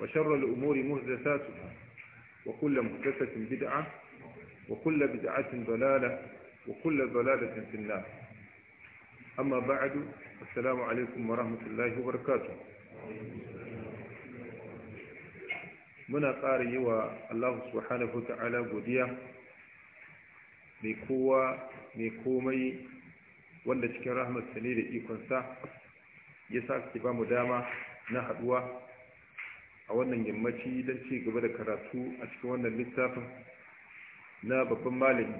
وشر الأمور مهدثاتها وكل مهدثة بدعة وكل بدعة ضلالة وكل ضلالة في الله أما بعد السلام عليكم ورحمة الله وبركاته من قاري و الله سبحانه وتعالى قديا ميكوا ميكومي ولا كرامة رحمة سليل إيقنسا يساك تبا مدامة نحدوا a wannan yammaci don ci gaba da karatu a cikin wannan littafin na babban malami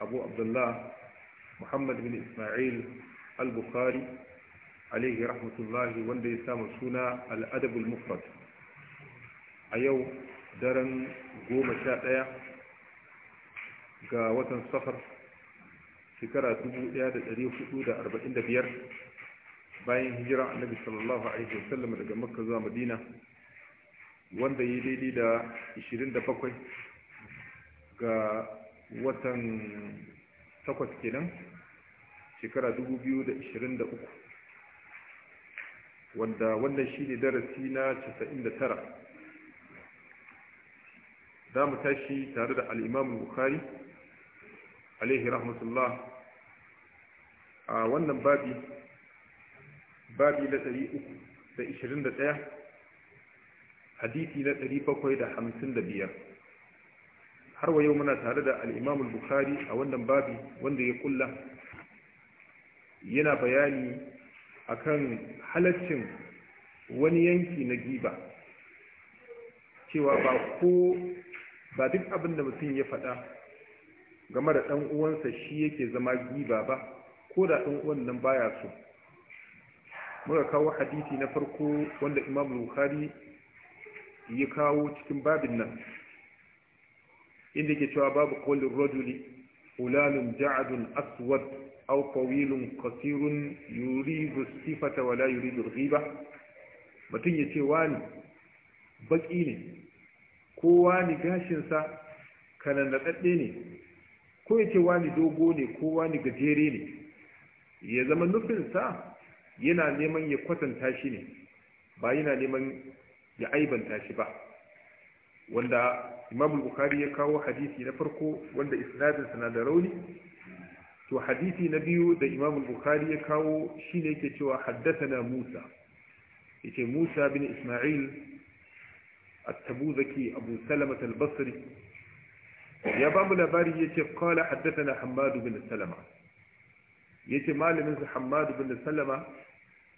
abu abdullah muhammad bin ismail al-bukhari alaihi rahmatullahi wanda ya samu suna al'adabul mufrad a yau daren goma sha ɗaya ga watan safar shekara 1445 bayan hijira annabi sallallahu alaihi wasallam daga makka zuwa madina wanda yi daidai da 27 ga watan 8 kenan shekara 2023 wanda wannan shi ne darasi na 99 za mu tashi tare da al’imamu bukari alaihi rahmatullah a wannan babi babi na 321 hadisi na 755 har wa yau muna tare da al-Imam bukhari a wannan babi wanda ya kulla yana bayani akan halaccin wani yanki na giba cewa ba ko ba duk abin da mutum ya faɗa game da ɗan uwansa shi yake zama giba ba ko da ɗan uwan nan baya so muka kawo hadisi na farko wanda Imam Bukhari ya kawo cikin babin nan inda ke cewa babu kwallon rajuli hulalun ja'adun aswad aw qawilun qasirun yuridu sifata wa la yuridu riba mutum ya ce wani baki ne ko wani gashinsa kananadadde ne ko ya ce wani dogo ne ko wani gajere ne ya zama nufinsa yana neman ya kwatanta shi ne ba yana neman ya aibanta shi ba wanda imamul bukari ya kawo hadisi na farko wanda isnadin na da rauni to hadisi na biyu da imam bukari ya kawo shine yake cewa haddathana musa yace musa bin isma'il at-tabuzaki abu salama al-basri ya babu labari yace qala haddathana hammad bin salama yace malamin sa hammad bin salama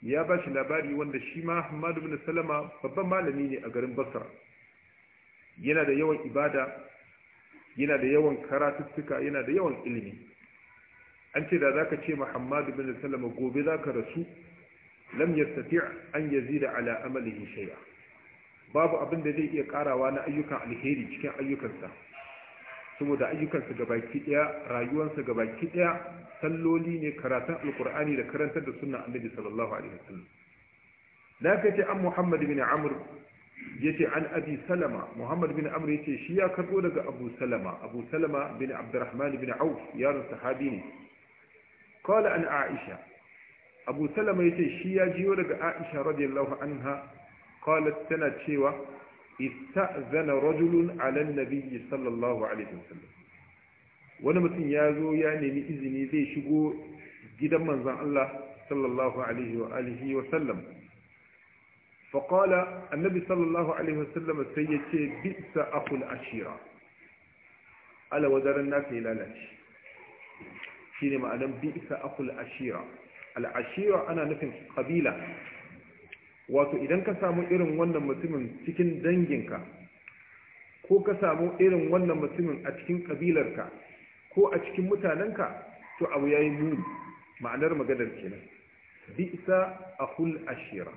ya ba shi labari wanda shi ma Ahmad bin Salama babban malami ne a garin Basra yana da yawan ibada yana da yawan karatuttuka yana da yawan ilimi an ce da zaka ce Muhammadu bin Salama gobe zaka rasu lam yastati' an yazida ala amalihi shay'a babu abin da zai iya karawa na ayyukan alheri cikin ayyukansa saboda ayyukansa gabaki daya rayuwarsa gabaki daya salloli ne karatun alkur'ani da karantar da sunna annabi sallallahu alaihi wasallam laka ce an muhammad bin amr yace an abi salama muhammad bin amr yace shi ya karbo daga abu salama abu salama bin abdurrahman bin auf yaron sahabi ne qala an aisha abu salama yace shi ya jiyo daga aisha radiyallahu anha qalat tana cewa ista'zana rajulun ala nabiyyi sallallahu alaihi wasallam wani mutum ya zo ya nemi izini zai shigo gidan manzon Allah sallallahu alaihi wa alihi wa sallam faqala annabi sallallahu alaihi wa sallam sai yace bi'sa akul ashira ala wadaran nasu ya lalace shine ma'anan bi'sa akul ashira al ashira ana nufin qabila wato idan ka samu irin wannan mutumin cikin danginka ko ka samu irin wannan mutumin a cikin ƙabilarka ko a cikin mutanenka to abu ya yi muni ma'anar maganar kenan bisa akul ashira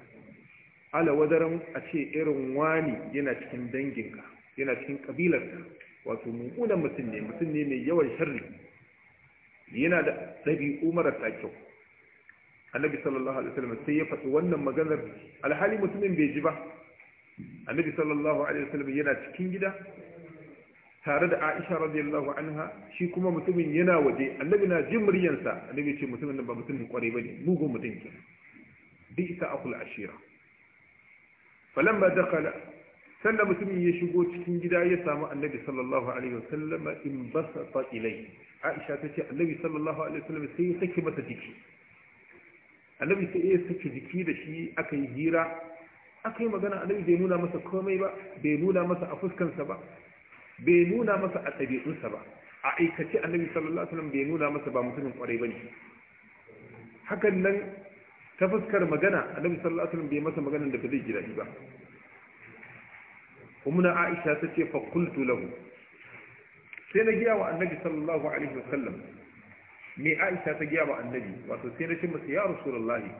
ala wadaran a ce irin wani yana cikin danginka yana cikin ƙabilarka wato mummunan mutum ne mutum ne mai yawan sharri yana da ɗabi'u marasa kyau annabi sallallahu alaihi wasallam sai ya faɗi wannan maganar alhali mutumin bai ji ba annabi sallallahu alaihi wasallam yana cikin gida tare da Aisha radiyallahu anha shi kuma mutumin yana waje annabi na jin muryansa annabi ce mutumin nan ba mutumin kware bane mugun mutum ke bi isa akul ashira falamma dakala sanda mutumin ya shigo cikin gida ya samu annabi sallallahu alaihi wasallam in basata ilai Aisha ta ce annabi sallallahu alaihi wasallam sai ya sake masa jiki annabi sai ya saki jiki da shi aka yi hira aka yi magana annabi bai nuna masa komai ba bai nuna masa a fuskansa ba bai nuna masa a ɗabi'unsa ba a aikace annabi sallallahu alaihi wasallam bai nuna masa ba mutumin kwarai bane hakan nan ta fuskar magana annabi sallallahu alaihi wasallam bai masa magana da ba zai ji daɗi ba umma aisha tace fa qultu lahu sai na giya wa annabi sallallahu alaihi wasallam me aisha ta gaya wa annabi wato sai na ce masa ya rasulullahi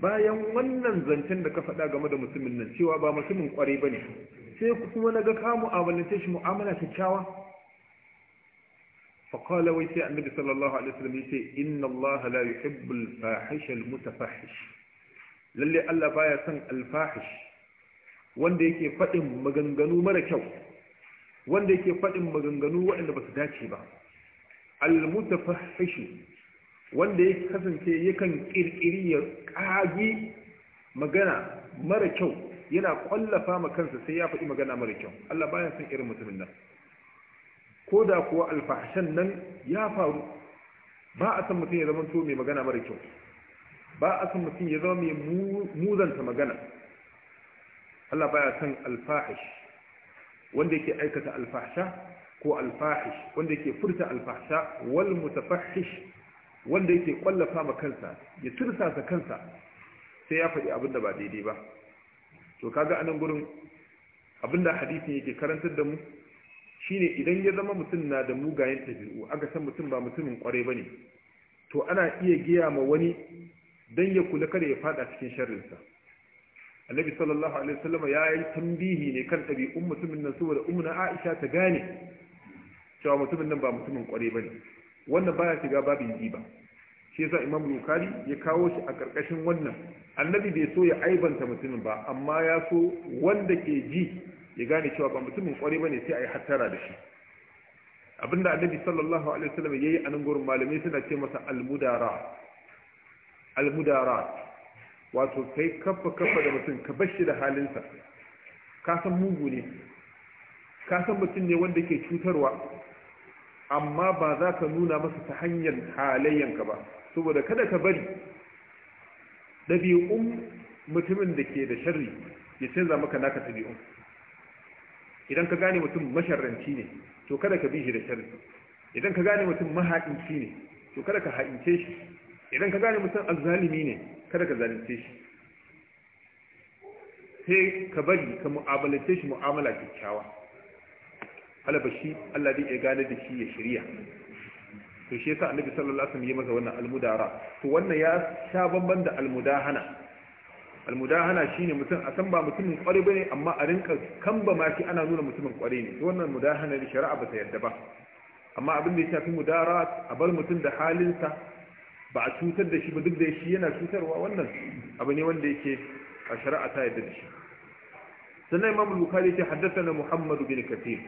bayan wannan zancen da ka faɗa game da mutumin nan cewa ba mutumin kwarai ne. sai kuma na ga ka mu'amalance shi mu'amala kyakkyawa فقال ويسي النبي صلى الله Inna وسلم يسي إن الله لا يحب الفاحش المتفحش للي ألا بايا سن الفاحش wanda yake faɗin maganganu mara kyau wanda yake faɗin maganganu waɗanda ba su dace ba almutafahishu wanda ya kasance yakan kirkiri ya kage magana mara kyau yana kwallafa ma kansa sai ya faɗi magana mara kyau Allah baya son irin mutumin nan ko da kuwa alfahashan nan ya faru ba a san mutum ya zama to mai magana mara kyau ba a san mutum ya zama mai muzanta magana Allah baya son alfahash. wanda yake aikata alfahsha ko alfahish wanda yake furta alfahsha wal mutafahish wanda yake kwallafa ma kansa ya tursasa kansa sai ya faɗi abin da ba daidai ba to kaga anan gurin abin da hadisin yake karantar da mu shine idan ya zama mutum na da mugayen tabi'u aka san mutum ba mutumin kwarai bane to ana iya giya ma wani dan ya kula kada ya fada cikin sharrinsa annabi sallallahu alaihi wasallam ya yi tambihi ne kan ɗabi'un mutumin nan saboda na Aisha ta gane cewa mutumin nan ba mutumin kwarai bane wannan baya shiga babin giba shi yasa imam bukhari ya kawo shi a karkashin wannan annabi bai so ya aibanta mutumin ba amma ya so wanda ke ji ya gane cewa ba mutumin kwarai bane sai a yi hattara da shi abinda annabi sallallahu alaihi wasallam yayi a nan gurin malamai suna ce masa almudara almudara wato kai kafa kafa da mutum ka bashi da halinsa ka san mugu ne ka san mutum ne wanda ke cutarwa amma ba za ka nuna masa ta hanyar halayyanka ba saboda kada ka bari ɗabi'un mutumin da ke da sharri ya canza maka naka ɗabi'un idan ka gane mutum masharranci ne to kada ka bi shi da sharri idan ka gane mutum mahaɗinci ne to kada ka ha'ince shi idan ka gane mutum azzalimi ne kada ka zalunce shi sai ka bari ka mu'amalance shi mu'amala kyakkyawa shi Allah zai iya gane da shi ya shirya to shi yasa annabi sallallahu alaihi wasallam ya masa wannan almudara to wannan ya sha bamban da almudahana almudahana shine mutum a san ba mutumin kwari bane amma a rinka kamba maki ana nuna mutumin kware ne wannan mudahana shari'a ba ta yarda ba amma abin da ya shafi mudara a bar mutum da halinsa ba a cutar da shi ba duk da shi yana cutarwa wannan abu ne wanda yake a shari'a ta yarda da shi sannan imam bukhari ya ce haddathana muhammad bin kathir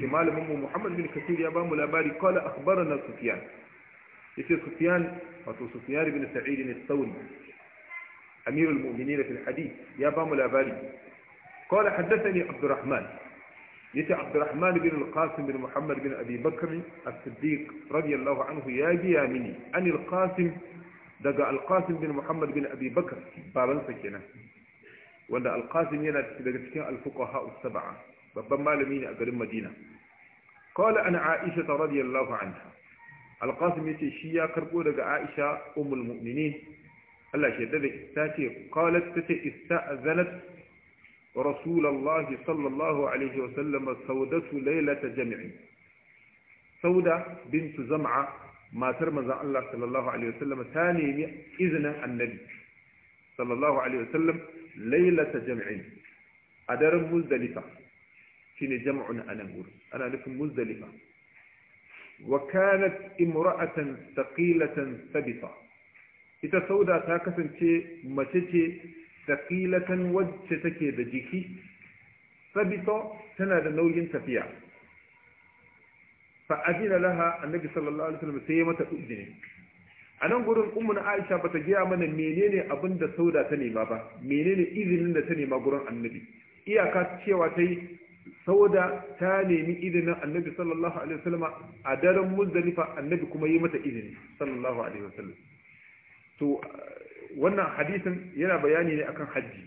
da malamin Muhammad bin Kathir ya bamu labari qala akhbarana Sufyan yace Sufyan wato Sufyan ibn Sa'id thawri أمير المؤمنين في الحديث يا بام الأبالي قال حدثني عبد الرحمن يتي عبد الرحمن بن القاسم بن محمد بن أبي بكر الصديق رضي الله عنه يا مني أن القاسم دقى القاسم بن محمد بن أبي بكر بابا سكينة ولا القاسم ينادي دقى الفقهاء السبعة babban malami ne a garin madina kawai ana aisha ta radiyallahu anha alƙasim ya ce shi ya karbo daga aisha umul mu'minin Allah shi da ta ce qalat ta ce ista'zanat rasulullah sallallahu alaihi wa sallam saudatu lailata jami'i sauda bintu zam'a matar manzon Allah sallallahu alaihi wa sallam ta nemi izinin annabi sallallahu alaihi wa sallam lailata jami'i a daren muzdalifa shine jam'un nan gurin ana nufin muzdalifa wa kanat imra'atan thaqilatan sabita ita sauda ta kasance mace ce thaqilatan wacce take da jiki sabita tana da nauyin tafiya fa laha annabi sallallahu alaihi wasallam sai mata izini a nan gurin na aisha bata gaya mana menene abunda sauda ta nema ba menene izinin da ta nema gurin annabi iyaka cewa ta yi sauda ta nemi izinin annabi sallallahu alaihi wasallam a daren muzdalifa annabi kuma yi mata izini sallallahu alaihi wasallam to wannan hadisin yana bayani ne akan haji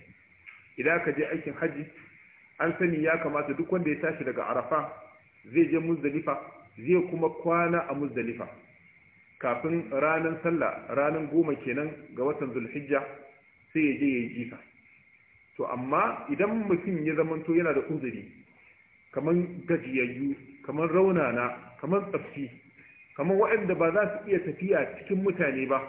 idan ka je aikin haji an sani ya kamata duk wanda ya tashi daga arafa zai je muzdalifa zai kuma kwana a muzdalifa kafin ranar sallah ranar goma kenan ga watan zulhijja sai ya je ya yi jifa to amma idan mutum ya zamanto yana da uzuri kamar gajiyayyu kamar raunana kamar tsafi kamar waɗanda ba za su iya tafiya cikin mutane ba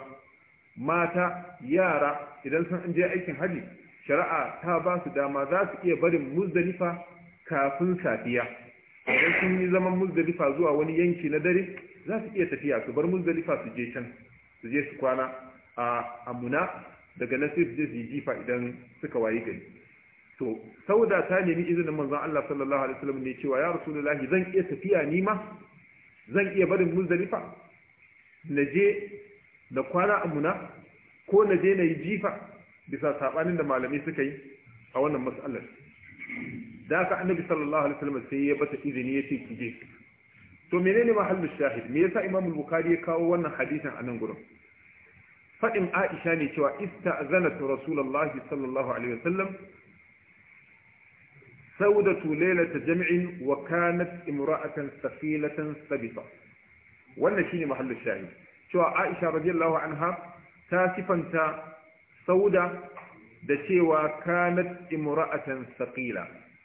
mata yara idan sun je aikin hajji shari'a ta ba su dama za su iya barin muzdalifa kafin safiya idan sun yi zaman muzdalifa zuwa wani yanki na dare za su iya tafiya su bar muzdalifa su je can su je su kwana a amuna daga nasir su je su yi jifa idan suka wayi gari to sauda ta nemi izinin manzon Allah sallallahu alaihi wasallam ne cewa ya rasulullahi zan iya tafiya ni ma zan iya barin muzdalifa na je da kwana a muna ko na je na yi jifa bisa sabanin da malamai suka yi a wannan mas'alar da aka annabi sallallahu alaihi wasallam sai ya bata izini ya ce ki je to menene mahallu shahid me yasa imam al-bukhari ya kawo wannan hadisin a nan gurin fadin aisha ne cewa ista'zanat rasulullahi sallallahu alaihi wasallam سودة ليلة جمع وكانت امرأة ثقيلة ثبتة wannan shine mahallin shahid cewa Aisha radiyallahu anha ta sifanta Sauda da cewa kanat imra'atan saqila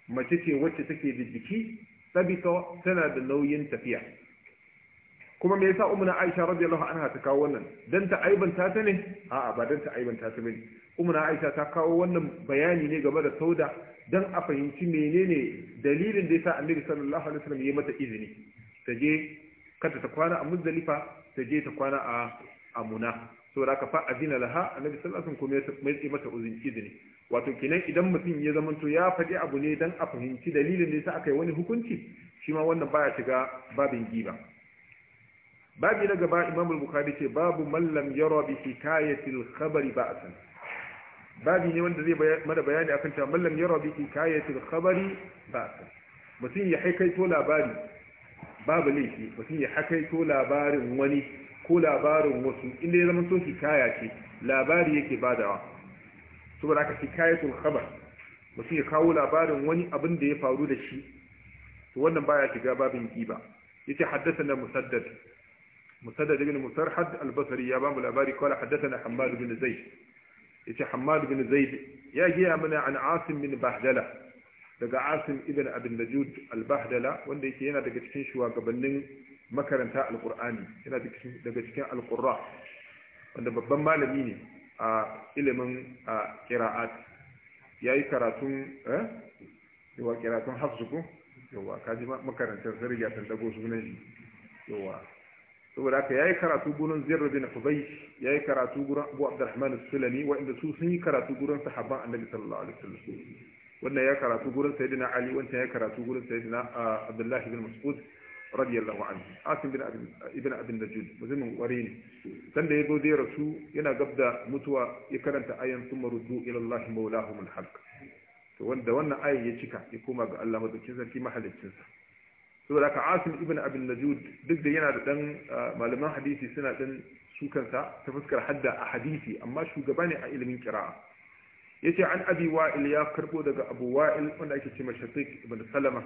mace ce wacce take da jiki sabita tana da nauyin tafiya kuma me yasa umma Aisha radiyallahu anha ta kawo wannan dan ta aibanta ta ne a'a ba dan ta aibanta ta Aisha ta kawo wannan bayani ne game da Sauda don a fahimci menene dalilin da ya sa annabi sallallahu alaihi wasallam ya mata izini ta je kada ta kwana a muzdalifa ta je ta kwana a amuna saboda ka fa azina laha annabi sallallahu alaihi wasallam kuma ya mata izini wato kenan idan mutum ya zamanto ya faɗi abu ne dan a fahimci dalilin da ya sa aka yi wani hukunci shi ma wannan baya shiga babin giba babi na gaba imam al-bukhari ce babu mallam yara bi hikayatil khabari ba'san babi ne wanda zai mana bayani akan cewa mallam ya rabi hikayatul khabari ba mutum ya haikaito labari babu laifi mutum ya haikaito labarin wani ko labarin wasu inda ya zama ki kaya ce labari yake badawa saboda haka ki kaya hikayatul khabar mutum ya kawo labarin wani abin da ya faru da shi to wannan baya shiga babin kiba yace haddathana musaddad musaddad ibn musarhad al-basri ya bamu labari kala haddathana hammad ibn zaid yace Hammad bin Zaid ya giya mana an Asim bin Bahdala daga Asim ibn Abin Najud al-Bahdala wanda yake yana daga cikin shugabannin makaranta al-Qur'ani yana daga cikin al-Qurra wanda babban malami ne a ilimin qira'at yayi karatun eh yawa karatun hafsu ko yawa kaji makarantar sai riga dago sunan yawa saboda haka yayi karatu gurin Zayd bin Hubay yayi karatu gurin Abu Abdurrahman as-Sulami inda su sun yi karatu gurin sahabban Annabi sallallahu alaihi wasallam wannan ya karatu gurin Sayyidina Ali wancan ya karatu gurin Sayyidina ah, Abdullah bin Mas'ud radiyallahu anhu Asim bin Ibn Abi Najud mutumin wari ne san da yazo zai rasu yana gabda mutuwa ya karanta ayan summa ruddu ila Allah mawlahum al-haq to wanda wannan ayan ya cika ya koma ga Allah madaukakin sarki mahaliccinsa saboda ka asim ibn abin najud duk da yana da dan malaman hadisi suna dan sukansa ta fuskar hadda a hadisi amma shugaba ne a ilimin kira'a yace an abi wa'il ya karbo daga abu wa'il wanda ake ce shatiq ibn salama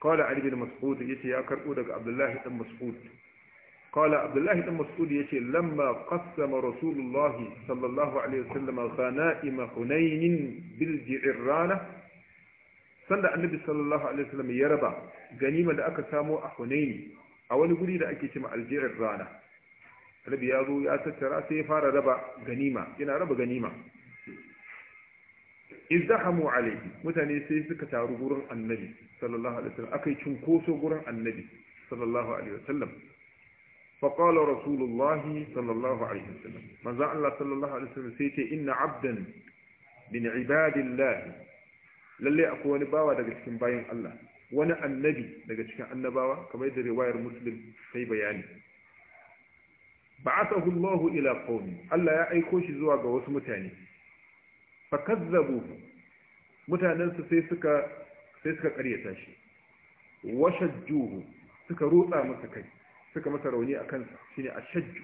qala ali ibn mas'ud yace ya karbo daga abdullahi ibn mas'ud قال عبد الله بن مسعود lamma لما قسم sallallahu alaihi صلى الله عليه وسلم غنائم حنين بالجعرانة sanda annabi sallallahu alaihi wasallam ya raba ganima da aka samo a hunaini a wani guri da ake cewa alji'ir rana annabi ya zo ya tattara sai ya fara raba ganima yana raba ganima izdahamu alaihi mutane sai suka taru gurin annabi sallallahu alaihi wasallam akai cinkoso gurin annabi sallallahu alaihi wasallam فقال رسول sallallahu alaihi الله عليه وسلم من زعل الله صلى الله عليه وسلم سيتي إن عبدا من عباد الله lalle akwai wani bawa daga cikin bayan Allah wani annabi daga cikin annabawa kamar yadda riwayar muslim sai bayani ba'athahu Allah ila qaumi Allah ya aiko shi zuwa ga wasu mutane kazzabu mutanen su sai suka sai suka karyata shi shajjuhu suka rutsa masa kai suka masa rauni a kansa shine ashajju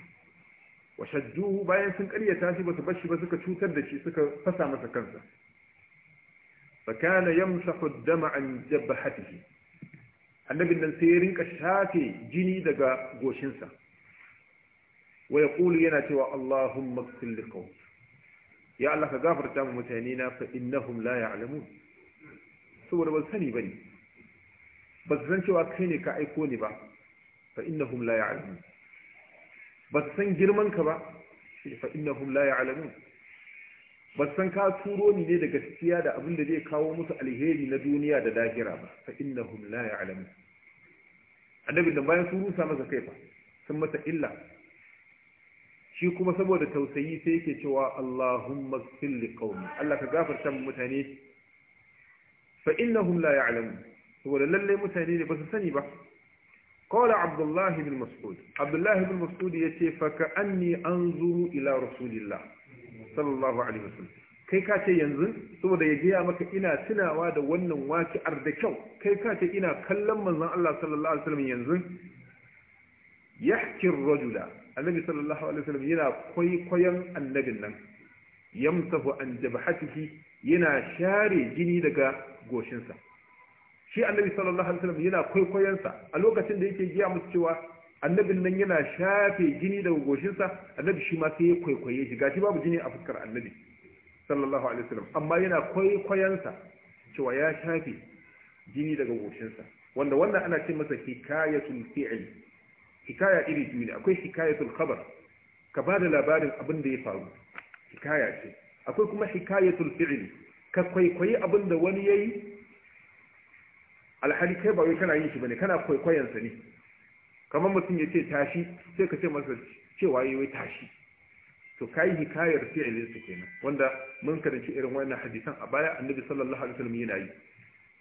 shajjuhu bayan sun karyata shi ba su bar shi ba suka cutar da shi suka fasa masa kansa fa kana yamsahu ad-dama an jabhatihi annabin nan sai ya rinka shafe jini daga goshinsa Waya Kulu yana cewa Allahumma ighfir liqawm ya Allah ka gafarta mu mutane na fa innahum la ya'lamun ban sani bane ba su san cewa kai ne ka aiko ni ba fa san girman ka ba fa ba san ka turo ni ne da gaskiya da abin da zai kawo musu alheri na duniya da lahira ba fa innahum la ya'lamun annabi da bayan sun rusa masa kai fa sun masa illa shi kuma saboda tausayi sai yake cewa Allahumma ighfir li qaumi Allah ka gafarta mu mutane fa innahum la ya'lamun saboda lalle mutane ne ba su sani ba قال عبد الله بن مسعود عبد الله بن مسعود يتي فكأني أنظر إلى رسول الله sallallahu alaihi wasallam kai ka ce yanzu saboda ya gaya maka ina tunawa da wannan waki'ar da kyau kai ka ce ina kallon manzon Allah sallallahu alaihi wasallam yanzu yahkir rajula annabi sallallahu alaihi wasallam yana kwaikwayon annabin nan yamsahu an jabhatihi yana share jini daga goshinsa shi annabi sallallahu alaihi wasallam yana kwaikwayon sa a lokacin da yake giya musu cewa annabin nan yana shafe jini daga goshinsa annabi shi ma sai ya kwaikwaye shi gashi babu jini a fuskar annabi sallallahu alaihi wasallam amma yana kwaikwayansa cewa ya shafe jini daga goshinsa wanda wannan ana ce masa hikayatul fi'l hikaya iri biyu ne akwai hikayatul khabar ka bada labarin abin da ya faru hikaya ce akwai kuma hikayatul fi'l ka kwaikwayi abin da wani yayi alhali kai ba wai kana yin shi bane kana kwaikwayansa ne kamar mutum ya ce tashi sai ka ce masa cewa yi wai tashi to ka yi hikayar fi'ilin su kenan wanda mun karanci irin wannan hadisan a baya annabi sallallahu alaihi wasallam yana yi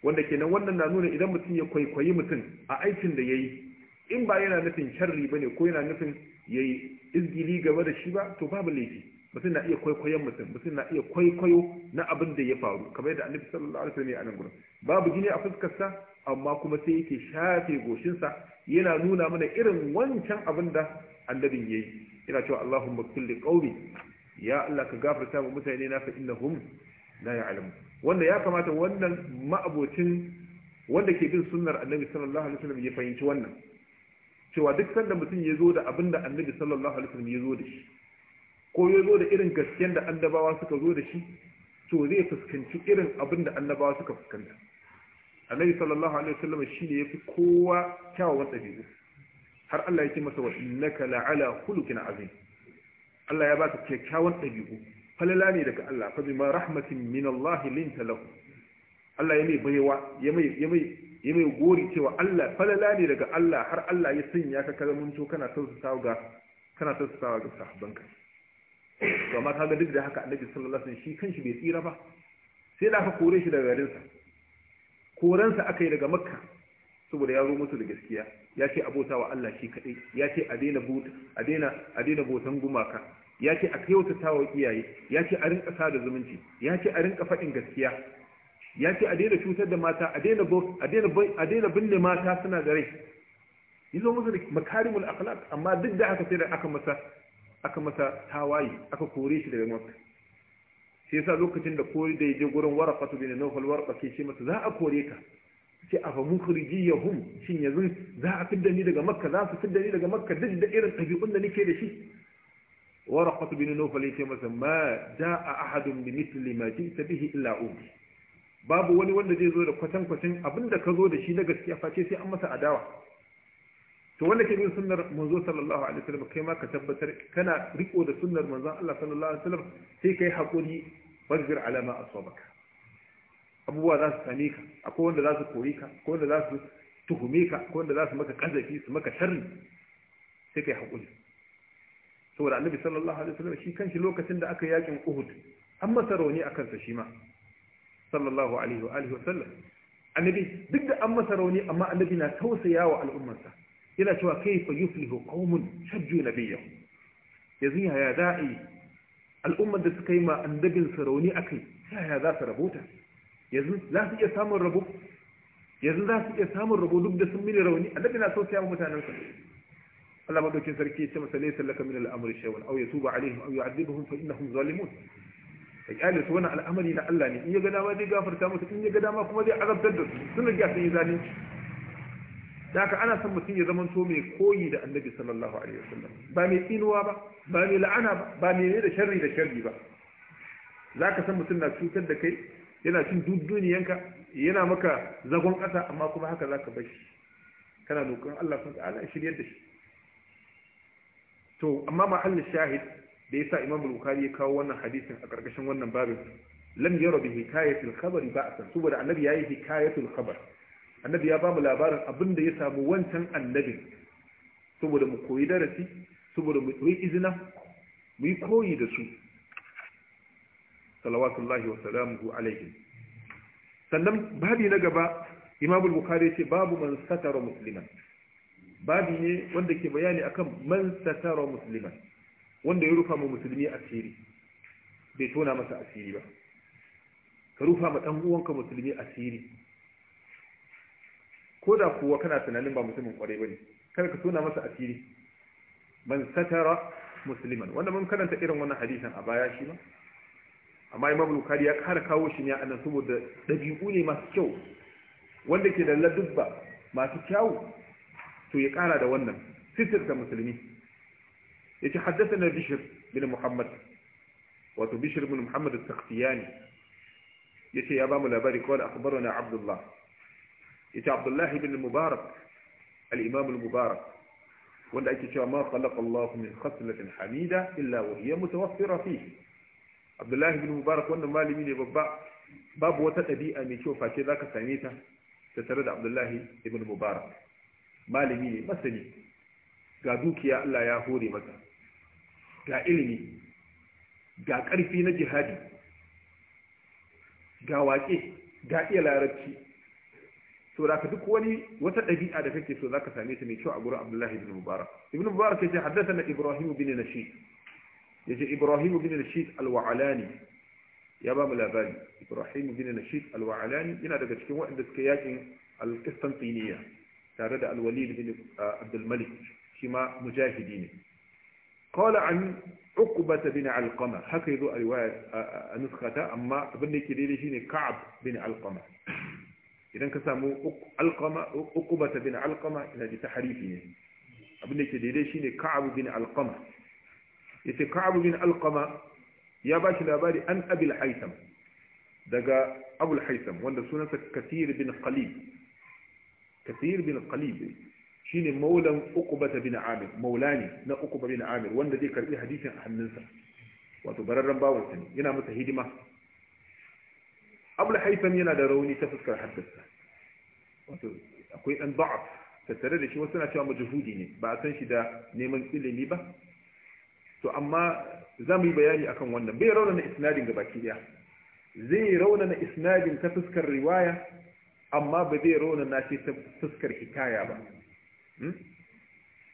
wanda kenan wannan na nuna idan mutum ya kwaikwayi mutum a aikin da yayi in ba yana nufin sharri bane ko yana nufin yayi izgili gaba da shi ba to babu laifi mutum na iya kwaikwayon mutum mutum na iya kwaikwayo na abin da ya faru kamar yadda annabi sallallahu alaihi wasallam ya anan gurin babu gini a fuskar sa amma kuma sai yake shafe goshinsa yana nuna mana irin wancan abin da annabin yayi ina cewa Allahumma kulli ƙauri. ya Allah ka gafarta wa mutane na fa innahum la alamu. wanda ya kamata wannan ma'abocin wanda ke bin sunnar annabi sallallahu alaihi wasallam ya fahimci wannan cewa duk sanda mutum ya zo da abin da annabi sallallahu alaihi wasallam ya zo da shi ko ya zo da irin gasken da annabawa suka zo da shi to zai fuskanci irin abin da annabawa suka fuskanta annabi sallallahu alaihi wasallam shine yafi kowa kyawawan dabi'u har Allah yake masa wa innaka la'ala khuluqin azim Allah ya baka kyakkyawan dabi'u falala ne daga Allah fa bima rahmatin min Allah linta lahu Allah ya mai baiwa ya mai ya mai ya mai gori cewa Allah falala ne daga Allah har Allah ya sanya ka kaza to kana tausasawa ga kana tausasawa ga sahabbanka to amma kaga duk da haka annabi sallallahu alaihi wasallam shi kanshi bai tsira ba sai da aka kore shi daga garinsa koransa aka yi daga makka saboda ya zo musu da gaskiya ya ce abota wa Allah shi kaɗai ya ce a daina botan gumaka ya ce a kyautata wa iyaye ya ce a rinka sada zumunci ya ce a rinka faɗin gaskiya ya ce a daina cutar da mata a daina binne mata suna da rai yi zo musu da makarimul akhlaq amma duk da haka sai da aka masa aka masa tawaye aka kore shi daga makka shi yasa lokacin da kori da yaje gurin warqatu bin nawfal ke shi mata za a kore ka ce a fa mukhrijiyahum shin yanzu za a fidda ni daga makka za su fidda ni daga makka duk da irin tabi'un da nake da shi warqatu bin nawfal yace mata ma jaa ahadun bi mithli ma ji'ta bihi illa um babu wani wanda zai zo da kwatan kwatan abinda ka zo da shi na gaskiya ce sai an masa adawa to wanda ke bin sunnar manzo sallallahu alaihi wasallam kai ma ka tabbatar kana riko da sunnar manzo Allah sallallahu alaihi wasallam sai kai hakuri wasbir alama ma asabaka abubuwa za su same ka akwai wanda za su kori ka akwai wanda za su tuhume ka akwai wanda za su maka kazafi su maka sharri sai kai hakuri saboda annabi sallallahu alaihi wasallam shi kanshi lokacin da aka yakin Uhud an masa rauni akan sa shi ma sallallahu alaihi wa alihi wasallam annabi duk da an masa rauni amma annabi na tausayawa wa al'ummarsa yana cewa kaifa yuflihu qaumun shajju nabiyyahum yanzu ya da'i al'ummar da suka yi ma annabin sarauni a kai yaya za su rabota yanzu za su iya samun rabo yanzu za su iya samun rabo duk da sun mini rauni annabi na so siya mutanensa Allah madaukin sarki ya ce masa laysa laka min al-amri shay'un aw yatuba alaihim aw yu'adibuhum fa innahum zalimun ya kyale su wannan al'amari na Allah ne in ya ga dama zai gafarta musu in ya ga dama kuma zai azabtar da su sun riga sun yi zalunci da ana son mutum ya zama to mai koyi da annabi sallallahu alaihi wasallam ba mai tsinuwa ba ba mai la'ana ba ba mai da sharri da sharri ba za ka san mutum na cutar da kai yana cin duniyanka yana maka zagon ƙasa amma kuma haka za ka shi. kana roƙon Allah sun ta'ala shiryar da shi to amma mahallin shahid da yasa Imam Bukhari ya kawo wannan hadisin a ƙarƙashin wannan babin lam yara bi hikayatil khabar ba'sa saboda annabi yayi hikayatul khabar annabi ya ba mu labarin abin da ya samu wancan annabin saboda mu koyi darasi saboda mu yi izina mu yi koyi da su salawatullahi wa salamuhu alaihi sannan babi na gaba imam al-bukhari ce babu man satara musliman babi ne wanda ke bayani akan man satara musliman wanda ya rufa ma musulmi asiri bai tona masa asiri ba ka rufa ma dan uwanka musulmi asiri ko da kuwa kana tunanin ba mutumin kwarai bane kar ka suna masa asiri man satara musliman wanda mun karanta irin wannan hadisin a baya shi ba amma imam bukhari ya kara kawo shi ne a nan saboda dabi'u ne masu kyau wanda ke da ladubba masu kyau to ya kara da wannan sitir da musulmi yace haddathana bishr bin muhammad wato bishr bin muhammad al-sakhtiyani yace ya bamu labari kawai akhbarana abdullah ita abdullahi ibn Mubarak al-Imam mubarak wanda ake cewa ma khalaqa min khaslatin hamida illa wa hiya mutawaffira fihi Abdullah ibn Mubarak wannan malami ne babba babu wata ɗabi'a mai kyau face zaka same ta ta tare da abdullahi ibn Mubarak malami ne masani ga dukiya Allah ya hore masa ga ilimi ga ƙarfi na jihadi ga waƙe ga iya larabci to da duk wani wata ɗabi'a da kake so za ka same ta mai kyau a gurin abdullahi ibn mubarak ibn mubarak yace haddathana ibrahim bin nashid ibrahim bin nashid al ya ba mu labari ibrahim bin nashid al yana daga cikin waɗanda suka yakin al tare da al-walid bin malik shi ma mujahidi ne qala an uqbata bin alqama haka yazo a riwaya a nuskata amma abin da yake daidai shine ka'ab bin alqama idan ka samu alqama uqbata bin alqama ina ji tahrifi ne abin da ke daidai shine ka'ab bin alqama yace ka'ab bin alqama ya ba shi labari an abil haitham daga abul haitham wanda sunansa kathir bin qalib kathir bin qalib shine maulan uqbata bin amir maulani na ukuba bin amir wanda zai karbi hadisin a hannunsa wato bararren bawansa ne yana masa hidima abul Haifan yana da rauni ta fuskar haddasa wato akwai dan tattare da shi wasu na cewa majhudi ne ba a san shi da neman ilimi ba to amma za mu yi bayani akan wannan bai raunana isnadin ga baki daya zai raunana isnadin ta fuskar riwaya amma ba zai raunana shi ta fuskar hikaya ba hmm?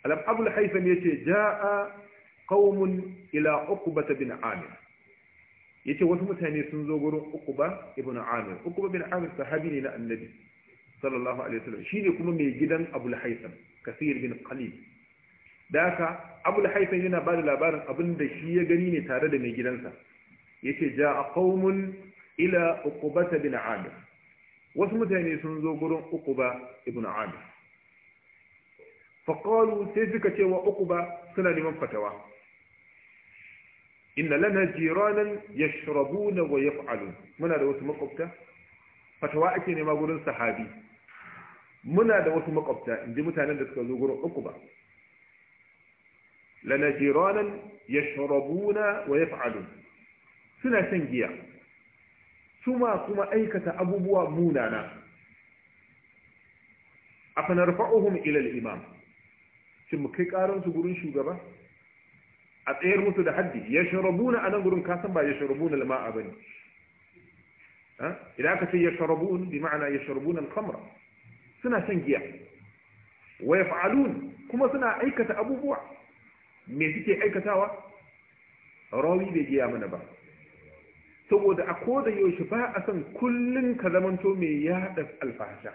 alam abul haifam yace ja'a qaumun ila uqbata bin amir yace wasu mutane sun zo gurin Uqba ibn Amir Uqba ibn Amir sahabi ne na Annabi sallallahu alaihi wasallam shine kuma mai gidan Abu al-Haytham bin Qalib daka Abu al-Haytham yana da labarin abin da shi ya gani ne tare da mai gidansa yace ja'a qaumun ila Uqba bin Amir wasu mutane sun zo gurin Uqba ibn Amir qalu sai suka ce wa Uqba suna neman fatawa inna lana jiranan yashrabuna wa yaf'alun muna da wasu makwabta fatawa ake nema gurin sahabi muna da wasu makwabta inji mutanen da suka zo gurin uku ba lana jiranan yashrabuna wa yaf'alun suna shan giya suma kuma aikata abubuwa munana afanarfa'uhum ila al-imam shin mu kai karan su gurin shugaba a tsayar musu da haddi ya sharabuna a nan gurin kasan ba ya sharabuna lama'a ba ne idan aka ce ya sharabun bi ma'ana ya na alkamra suna shan giya wa yaf'alun kuma suna aikata abubuwa me suke aikatawa rawi bai giya mana ba saboda a koda yaushe ba a san kullun ka zamanto mai yada alfahasha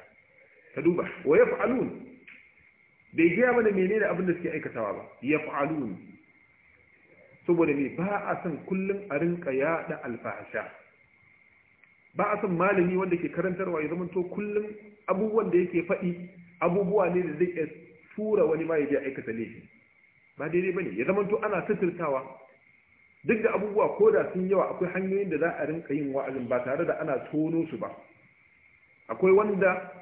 ka duba wa yaf'alun bai giya mana menene abin da suke aikatawa ba Ya yaf'alun saboda me ba a son kullum a rinka yaɗa alfahasha ba a son malami wanda ke karantarwa ya zama to kullum abubuwan da yake faɗi abubuwa ne da zai tura wani ma ya je aikata laifi ba daidai ne ya zama to ana suturtawa duk da abubuwa ko da sun yawa akwai hanyoyin da za a rinka yin wa'azin ba tare da ana tono su ba akwai wanda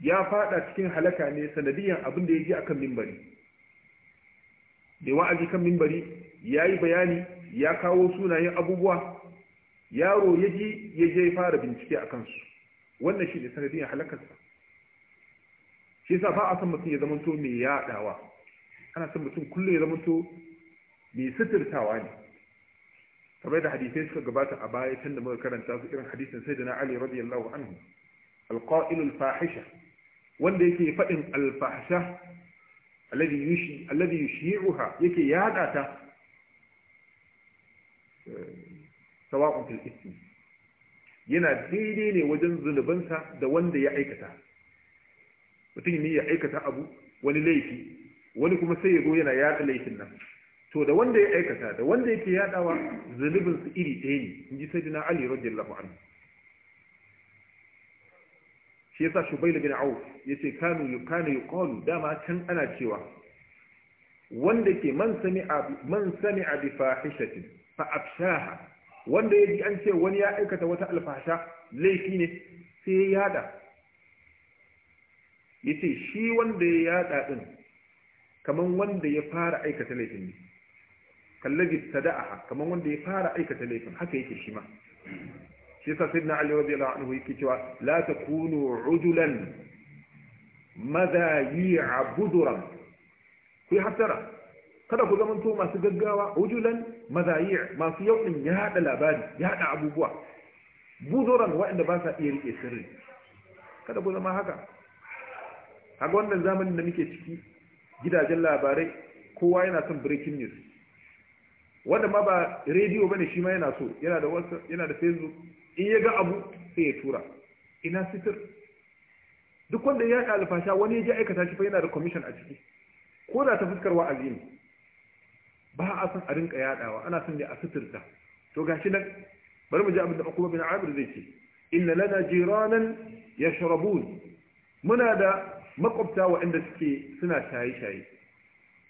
ya faɗa cikin halaka ne sanadiyan abin da ya ji akan mimbari da wa'azi kan mimbari ya yi bayani ya kawo sunayen abubuwa yaro ya ji ya je fara bincike a kansu wannan shi ne sanadiyar halakarsa shi yasa ba a son mutum ya zamanto mai yaɗawa ana son mutum kullum ya zamanto mai suturtawa ne kamar da hadisai suka gabata a baya tun da muka karanta su irin hadisin na ali radiyallahu anhu alqa'il alfahisha wanda yake faɗin alfahisha alladhi yushi alladhi yushi'uha yake yada ta sawa'un fil ismi yana daidai ne wajen zunubansa da wanda ya aikata mutum ne ya aikata abu wani laifi wani kuma sai ya zo yana yaɗa laifin nan to da wanda ya aikata da wanda yake yaɗawa zunubin su iri ɗaya ne in ji sayyidina ali radiyallahu anhu shi yasa shubayl bin auf yace kanu yukanu yuqalu dama can ana cewa wanda ke man sami'a man sami'a bi fahishatin fa afshaha wanda ya ji an ce wani ya aikata wata alfasha laifi ne sai ya yada yace shi wanda ya yada din kaman wanda ya fara aikata laifin ne kallabi tada'aha kaman wanda ya fara aikata laifin haka yake shi ma shi sa sidna ali radiyallahu anhu yake cewa la takunu ujulan madha buduran ku hatara kada ku zamanto masu gaggawa ujulan mazayi' masu yauɗin ya haɗa labari ya haɗa abubuwa buzoran waɗanda ba sa iya riƙe sirri kada ku zama haka a wannan zamanin da muke ciki gidajen labarai kowa yana son breaking news wanda ma ba rediyo bane shi ma yana so yana da whatsapp yana da facebook in ya ga abu sai ya tura ina sitir duk wanda ya yaɗa alfasha wani ya ji aikata shi fa yana da commission a ciki ko da ta fuskar wa'azi ne ba a san a rinka yadawa ana son ne a suturta to gashi nan bari mu ji abin da Uqba bin zai ce inna lana jiranan yashrabun muna da makwabta waɗanda suke suna shaye-shaye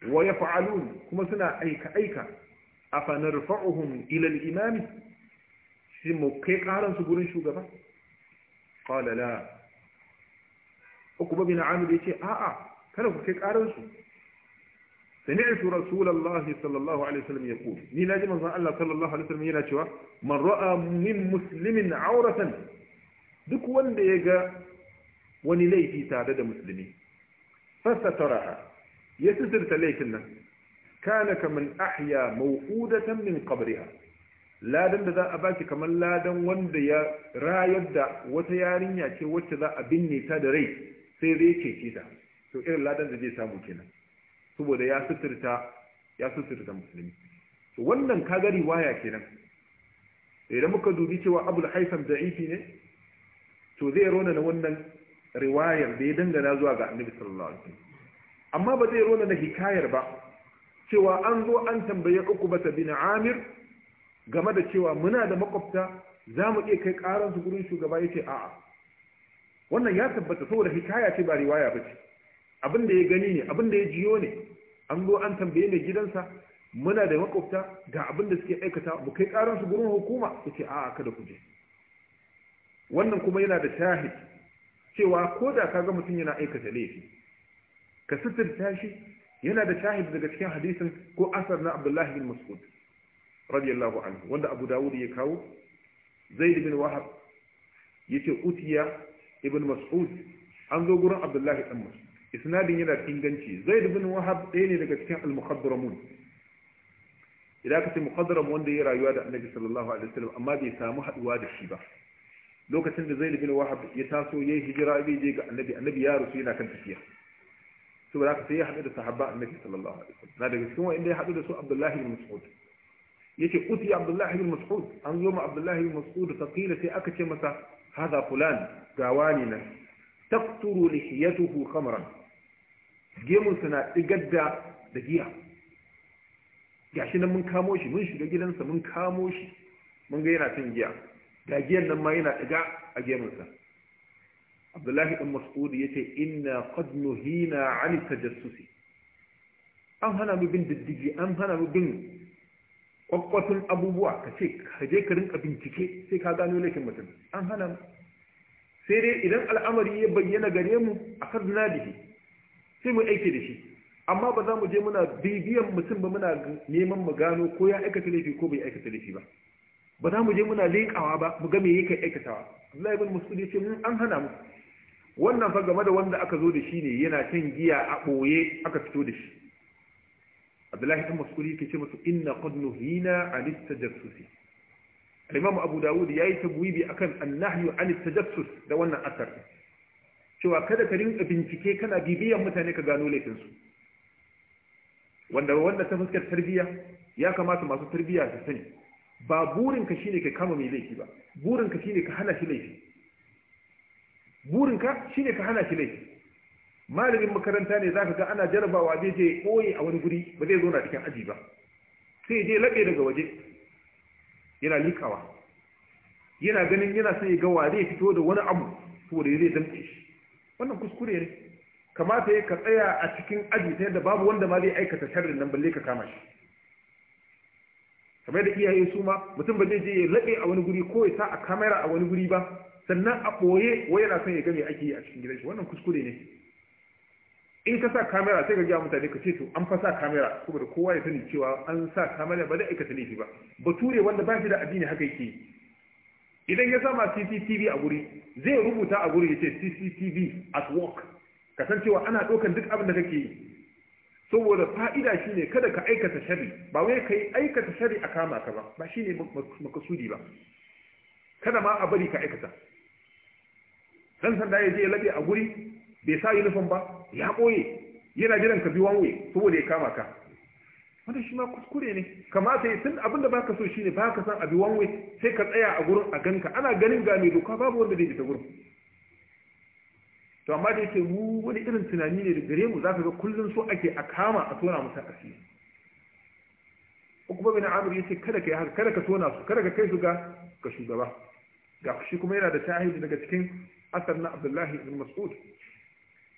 wa yaf'alun kuma suna aika aika afanarfa'uhum ila al-imam shi mu kai karan su gurin shugaba qala la Uqba bin Amir yace a'a kada ku kai karan su سمعت رسول الله صلى الله عليه وسلم يقول ني لاجي من الله صلى الله عليه yana cewa man ra'a min muslimin auratan duk wanda ya ga wani laifi tare da musulmi fasataraha ya sitirta laifin nan kana kaman ahya mawqudatan min qabriha ladan da za a bashi kamar ladan wanda ya rayar da wata yarinya ce wacce za a binne ta da rai sai zai cece ta to irin ladan da zai samu kenan saboda ya suturta ya suturta musulmi to wannan kaga riwaya kenan idan muka dubi cewa abul haisam da'ifi ne to zai rona na wannan riwayar da ya dangana zuwa ga annabi sallallahu alaihi wasallam amma ba zai rona na hikayar ba cewa an zo an tambaye ukubata bin amir game da cewa muna da makwabta za mu iya kai karan su gurin shugaba ce a'a wannan ya tabbata saboda hikaya ce ba riwaya ba abin da ya gani ne abin ya jiyo ne an zo an tambaye mai gidansa muna da makwabta ga abin da suke aikata mu kai su gurin hukuma ya ce a'a kada ku je wannan kuma yana da shahid cewa ko da ka ga mutum yana aikata laifi ka suturta shi yana da shahid daga cikin hadisin ko asar na abdullahi bin mas'ud radiyallahu anhu wanda abu dawud ya kawo zaid bin wahab yace utiya ibn mas'ud an zo gurin abdullahi bin mas'ud isnadin yana da inganci zai da ibn wahab ɗaya ne daga cikin al-muqaddaramun idan ka ce muqaddaram wanda ya rayuwa da annabi sallallahu alaihi wasallam amma bai samu haduwa da shi ba lokacin da zai da ibn wahab ya taso yayi hijira bai je ga annabi annabi ya rusu yana kan tafiya to da sai ya haɗu da sahabba annabi sallallahu alaihi wasallam na daga cikin wanda ya haɗu da su abdullahi ibn mas'ud yace uti abdullahi ibn mas'ud an zo ma abdullahi ibn mas'ud faqila sai aka ce masa hada fulan gawani nan taqturu lihiyatuhu khamran gemunsa na digar da da giya gashi nan mun kamo shi mun shiga gidansa mun kamo shi mun ga yana cin giya ga giyan nan ma yana diga a gemunsa abdullahi ɗan mas'ud yace inna qad nuhina an tajassusi an hana mu bin diddigi an hana mu bin kwakwatun abubuwa ka ce ka je ka rinka bincike sai ka gano laifin mutum an hana mu sai dai idan al'amari ya bayyana gare mu a kazna bihi sai mu aiki da shi amma ba za mu je muna bibiyan mutum ba muna neman mu gano ko ya aikata laifi ko bai aikata laifi ba ba za mu je muna leƙawa ba mu ga me yake aikatawa Allah ibn Mas'ud yace mun an hana mu wannan fa game da wanda aka zo da shi ne yana cin giya a boye aka fito da shi Abdullahi ibn Mas'ud yake ce inna qad nuhina an tajassusi Al-Imam Abu Dawud yayi tabwibi akan an-nahyu at tajassus da wannan asar cewa kada ka rinka bincike kana bibiyan mutane ka gano laifinsu wanda wanda ta fuskar tarbiyya ya kamata masu tarbiyya su sani ba burinka shine ka kama mai laifi ba burinka shine ka hana shi laifi burinka shine ka hana shi laifi malamin makaranta ne zaka ga ana jarabawa zai je koyi a wani guri ba zai zo na cikin aji ba sai je labe daga waje yana likawa yana ganin yana son ya ga wa zai fito da wani abu saboda zai damce shi wannan kuskure ne kamata ya ka tsaya a cikin aji ta yadda babu wanda ma zai aikata sharrin nan balle ka kama shi kamar da iyaye su ma mutum ba zai je ya laɓe a wani guri ko ya sa a kamera a wani guri ba sannan a ɓoye wai yana son ya ga me ake yi a cikin gidan shi wannan kuskure ne in ka sa kamera sai ka gaya mutane ka ce to an fa sa kamera saboda kowa ya sani cewa an sa kamera ba zai aikata laifi ba bature wanda ba shi da addini haka yake idan ya sama CCTV a guri zai rubuta a guri ya ce CCTV at work kasancewa ana ɗaukan duk abin da kake yi saboda fa'ida shine kada ka aikata shari ba wai kai aikata shari a kama ka ba ba shine makasudi ba kada ma a bari ka aikata ɗan sanda ya je ya lafiya a guri bai sa uniform ba ya ɓoye yana jiran ka bi wanwe saboda ya kama ka wanda shi ma kuskure ne kamata tun abin da baka so shi ne baka san abi wanwe sai ka tsaya a gurin a ganka ana ganin ga mai doka babu wanda zai fita gurin to amma da yake mu wani irin tunani ne da gare mu zaka ga kullun so ake a kama a tona musu asiri kuma bin amir yace kada ka yi haka kada ka tona su kada ka kai su ga ga shugaba ga shi kuma yana da shahidi daga cikin asar na Abdullahi ibn Mas'ud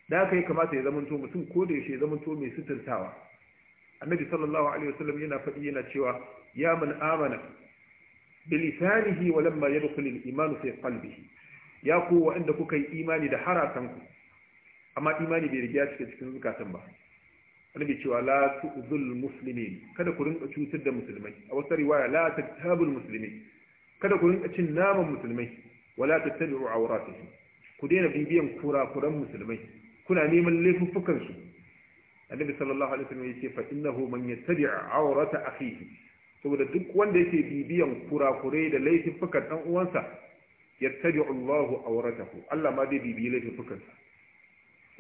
da kai ya kamata ya zamanto mutum ko da yaushe ya zamanto mai sitirtawa annabi sallallahu alaihi wasallam yana faɗi yana cewa ya man amana bilisanihi wa lamma yadkhul al-iman fi qalbihi ya ku inda kuka yi imani da ku amma imani bai riga cike cikin zukatan ba annabi cewa la tu'zul muslimin kada ku rinka cutar da musulmai a wasu riwaya la tattabul muslimin kada ku rinka cin naman musulmai wala tattabi'u awratihim ku daina bibiyan kura-kuran musulmai kuna neman laifuffukan su annabi sallallahu alaihi wasallam yace fa innahu man yattabi'a awrata akhihi saboda duk wanda yake bibiyan kurakurai da laifukan dan uwansa yattabi'u Allahu awratahu Allah ma zai bibiyi laifukan sa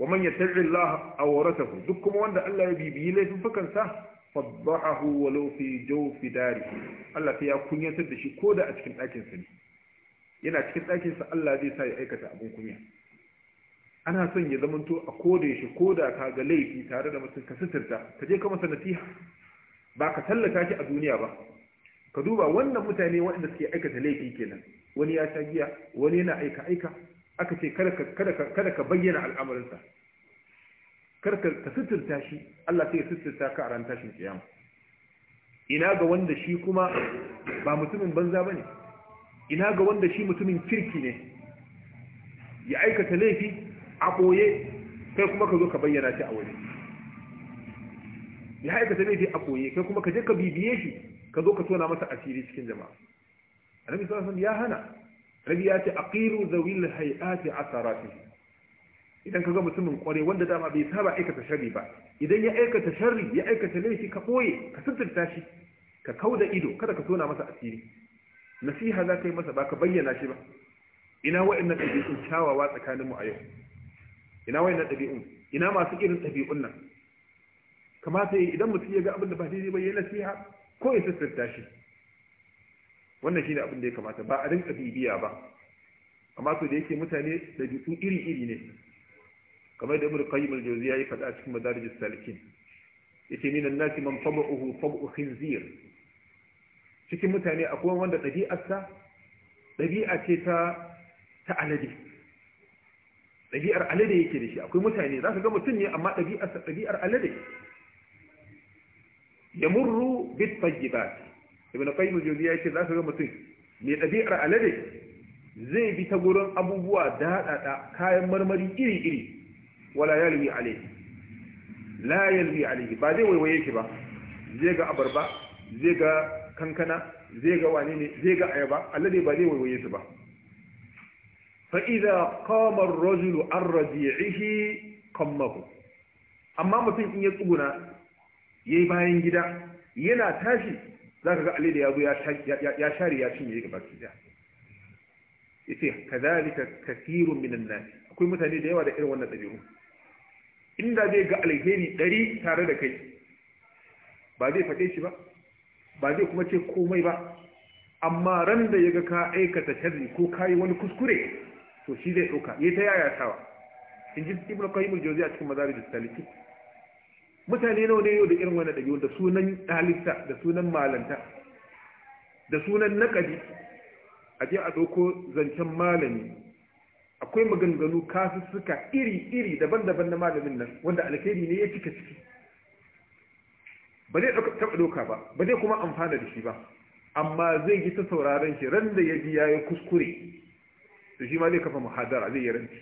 wa man yattabi'u Allah awratahu duk kuma wanda Allah ya bibiyi laifukan sa fadhahu walau fi jawfi dari Allah sai ya kunyatar da shi koda a cikin ɗakin sa ne yana cikin ɗakin sa Allah zai sa ya aikata abin kunya ana son ya zamanto a koda shi da ka ga laifi tare da mutum ka suturta ka je ka masa ba ka tallata shi a duniya ba ka duba wannan mutane waɗanda suke aikata laifi kenan wani ya sha giya wani yana aika aika aka ce kada ka bayyana al'amarinsa kada ka suturta shi Allah sai ya suturta ka a ran tashin kiyama ina ga wanda shi kuma ba mutumin banza bane ina ga wanda shi mutumin kirki ne ya aikata laifi a koye kai kuma ka zo ka bayyana shi a waje ya aikata laifi a koye kai kuma ka je ka bibiye shi ka zo ka tona masa asiri cikin jama'a annabi sallallahu alaihi ya hana rabi ya ce aqiru zawil hay'ati asaratihi idan ka ga mutumin kware wanda dama bai saba aikata sharri ba idan ya aikata sharri ya aikata laifi ka boye ka sirrinta shi ka kauda ido kada ka tona masa asiri nasiha za ka yi masa ba ka bayyana shi ba ina wa'annan ɗabi'un kyawawa tsakaninmu a yau ina wayannan ɗabi'un ina masu irin ɗabi'un nan kamata yi idan mutum ya ga abin da ba daidai ba ya nasiha ko ya sassarta shi wannan shine abin da ya kamata ba a rinka bibiya ba amma to da yake mutane ɗabi'u iri-iri ne kamar da ibnu qayyim al-jawziya ya faɗa a cikin madarij salikin yace an nasi man tab'uhu tab'u khinzir cikin mutane akwai wanda ɗabi'arsa ɗabi'a ce ta ta alade ɗabi'ar alade yake da shi akwai mutane za ka ga mutum ne amma ɗabi'arsa ɗabi'ar alade ya murru bit tayyibat ibn qayyim al-jawziyya yace za ka ga mutum mai ɗabi'ar alade zai bi ta gurin abubuwa daɗaɗa kayan marmari iri-iri wala yalwi alayhi la yalwi alayhi ba zai waiwaye shi ba zai ga abarba zai ga kankana zai ga wane ne zai ga ayaba alade ba zai waiwaye shi ba fa'iza kamar rajulu an raji'ihi kammahu amma mutum in ya tsuguna ya yi bayan gida yana tashi za ka ga ali da ya zo ya share ya cinye gaba gida ya ce ka zalika kasirun minan akwai mutane da yawa da irin wannan ɗabi'u inda zai ga alheri ɗari tare da kai ba zai faɗe shi ba ba zai kuma ce komai ba amma ran da ya ga ka aikata sharri ko ka yi wani kuskure to shi zai ɗauka ya ta tawa in ji ibn qayyim al-jawziya cikin madarij salikin mutane nawa ne yau da irin wannan dabi'u da sunan dalilta da sunan malanta da sunan naqadi a je a dauko zancen malami akwai maganganu kasussuka iri-iri daban-daban na malamin nan wanda alkhairi ne ya cika ciki ba zai taɓa doka ba ba zai kuma amfana da shi ba amma zai yi ta sauraron shi ran da ya ji ya yi kuskure to shi ma zai kafa muhadara zai yi ranci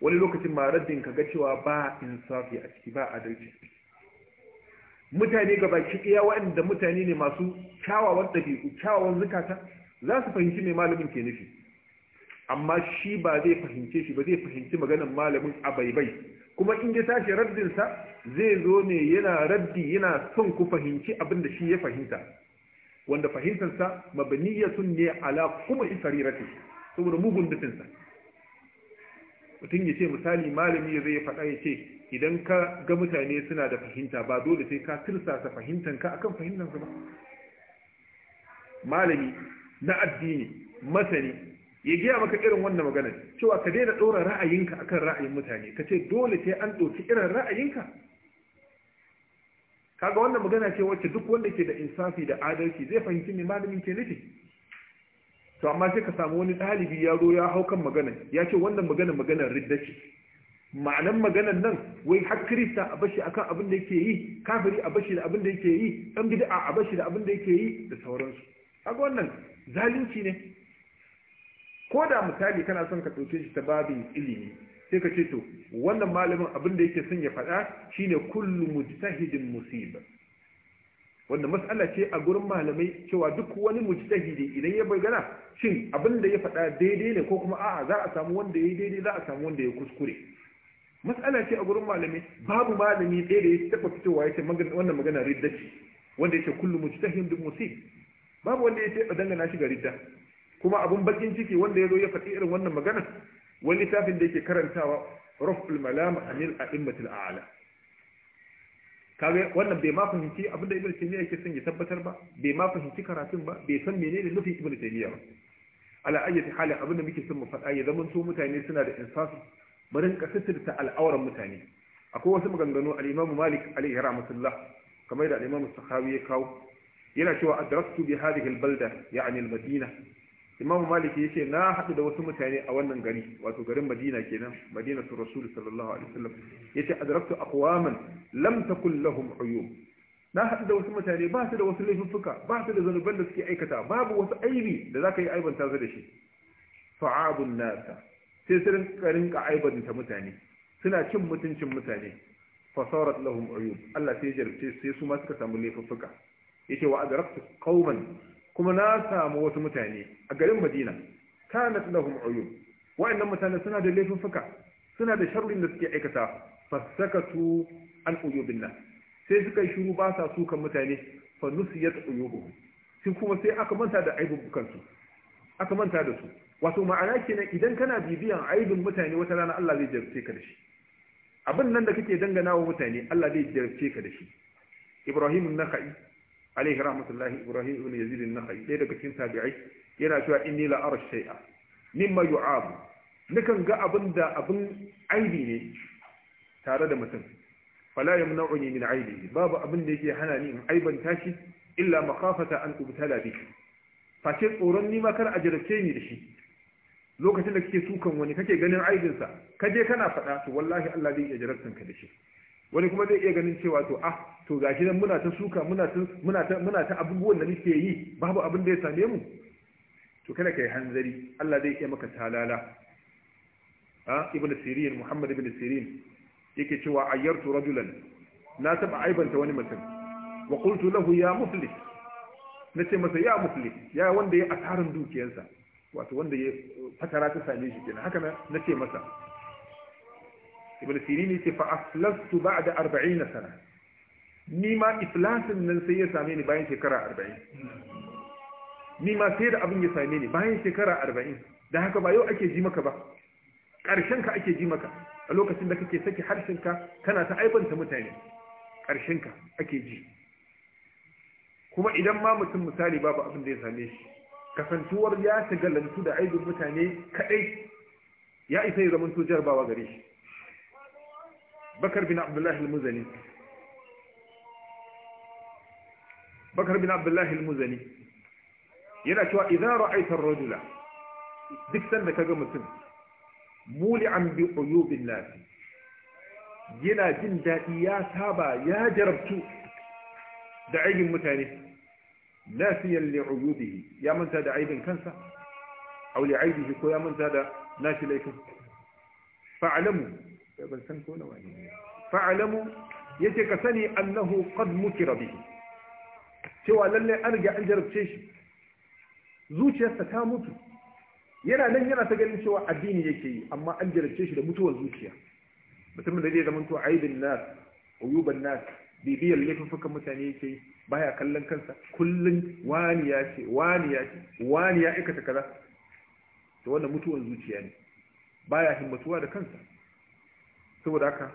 wani lokacin ma raddin ka ga cewa ba insafi a ciki ba adalci mutane gaba ki iya waɗanda mutane ne masu kyawawan ɗabi'u kyawawan zukata za su fahimci mai malamin ke nufi amma shi ba zai fahimce shi ba zai fahimci maganar malamin a baibai kuma in ya tashi raddinsa zai zo ne yana raddi yana son ku fahimci abin da shi ya fahimta wanda fahimtarsa mabaniyatun ne ala kuma rafi saboda mugun dafinsa. mutum ya ce misali malami ya zai faɗa ya ce idan ka ga mutane suna da fahimta ba dole sai ka tirsasa fahimtanka akan fahimtansu ba malami na addini masani ya gaya maka irin wannan magana cewa ka daina ɗora ra'ayinka akan ra'ayin mutane ka ce dole sai an ɗauki irin ra'ayinka kaga wannan magana ce wacce duk wanda ke da insafi da adalci zai fahimci ne malamin ke nufi to amma sai ka samu wani ɗalibi ya zo ya hau kan magana ya ce wannan magana maganar ridda ce ma'anan maganan nan wai har kirista a bashi akan abin da yake yi kafiri a bashi da abin da yake yi ɗan bid'a a bashi da abin da yake yi da sauransu kaga wannan zalunci ne ko da misali kana son ka ɗauke shi ta babin ilimi sai ka ce to wannan malamin abin da yake son ya faɗa shine kullu mujtahidin musiba wanda mas'ala ce a gurin malamai cewa duk wani mujtahidi idan ya bayyana shin abin da ya faɗa daidai ne ko kuma a'a za a samu wanda ya daidai za a samu wanda ya kuskure mas'ala ce a gurin malamai babu malami ɗaya da ya taɓa fitowa ya ce wannan magana ridda ce wanda ya ce kullu mujtahidin musib babu wanda ya ce a dangana shi ga ridda kuma abin bakin ciki wanda ya zo ya faɗi irin wannan magana wani littafin da yake karantawa raful malama anil a'immatil a'la kaga wannan bai ma fahimci abin da ibnu taymiya yake son ya tabbatar ba bai ma fahimci karatun ba bai san menene nufin ibnu taymiya ba ala ayyati halin abin da muke son mu faɗa ya zama to mutane suna da insafi mu rinka sitirta al'auran mutane akwai wasu maganganu al-imam malik alaihi rahmatullah kamar da al-imam sahawi ya kawo yana cewa adrastu bi hadhihi al-balda ya'ni al-madina imam maliki ce na haɗu da wasu mutane a wannan gari wato garin madina kenan madinatu rasul sallallahu alaihi wasallam yace adraktu aqwaman lam takul lahum uyub na haɗu da wasu mutane ba su da wasu laifuffuka ba su da zanuban da suke aikata babu wasu aibi da zaka yi aibanta su da shi fa'abun nasa sai su rinka rinka mutane suna cin mutuncin mutane fasarat lahum uyub Allah sai ya jarabce sai su ma suka samu laifuffuka yace wa adraktu qauman kuma na samu wasu mutane a garin madina da lahum uyun wa'annan mutane suna da laifuffuka suna da sharrin da suke aikata fasakatu an uyubin nan sai suka yi shiru ba sa sukan mutane fa nusiyat uyubuhum sai kuma sai aka manta da aibubukan su aka manta da su wato ma'ana kenan idan kana bibiyan aibin mutane wata rana Allah zai jarce ka da shi abin nan da kake dangana wa mutane Allah zai jarce ka da shi Ibrahim Nakhai alaihi rahmatullahi ibrahim ibn yazid an-nakhai dai daga cikin tabi'ai yana cewa inni la ara shay'a mimma yu'ab nikan ga abin da abin aibi ne tare da mutum fala yamna'uni min aibi babu abin da yake hana ni in aiban tashi illa makafata an ubtala bi face tsoron ni ma kar a jarabce ni da shi lokacin da kake sukan wani kake ganin aibinsa ka je kana faɗa to wallahi Allah zai iya jarabtan ka da shi wani kuma zai iya ganin cewa to ah to gashi nan muna ta suka muna ta muna ta muna ta abubuwan da muke yi babu abin da ya same mu to kada kai hanzari Allah zai iya maka talala ha ah, ibn sirin muhammad ibn sirin yake cewa ayyartu rajulan na taba aibanta wani mutum wa qultu lahu ya muflis nace masa ya muflis ya wanda ya asarin dukiyarsa wato wanda ya fatara ta same shi kenan haka nace masa ibn sirin yace fa aflastu ba'da 40 sana ni ma iflasin nan sai ya same ni bayan shekara 40 ni ma sai da abin ya same ni bayan shekara 40 da haka ba yau ake ji maka ba karshen ka ake ji maka a lokacin da kake saki harshen ka kana ta aibanta mutane karshen ka ake ji kuma idan ma mutum misali babu abin da ya same shi kasantuwar ya lantu da aibin mutane kadai ya isa ya zama to jarabawa gare shi bakar bin abdullahi al-muzani bakar bin abdullahi al-muzani yana cewa idan ra'aitar rajula duk sanda kaga mutum muli'an bi uyubin nasi yana jin daɗi ya saba ya jarabtu da aibin mutane nasiyan li uyubihi ya manta da aibin kansa aw li aibihi ko ya manta da nashi laifin fa'alamu eh, ban san ka sani annahu kan muke Rabi. cewa lallai an riga an jarabce shi zuciyarsa ta mutu yana nan yana ta ganin cewa addini yake yi amma an jarabce shi da mutuwar zuciya mutumin da zai zama to aibin nas uyuban nas bibiyar laifuffukan mutane yake yi baya kallon kansa kullun wani ya ce wani ya ce wani ya aikata kaza to wannan mutuwar zuciya ne baya himmatuwa da kansa saboda haka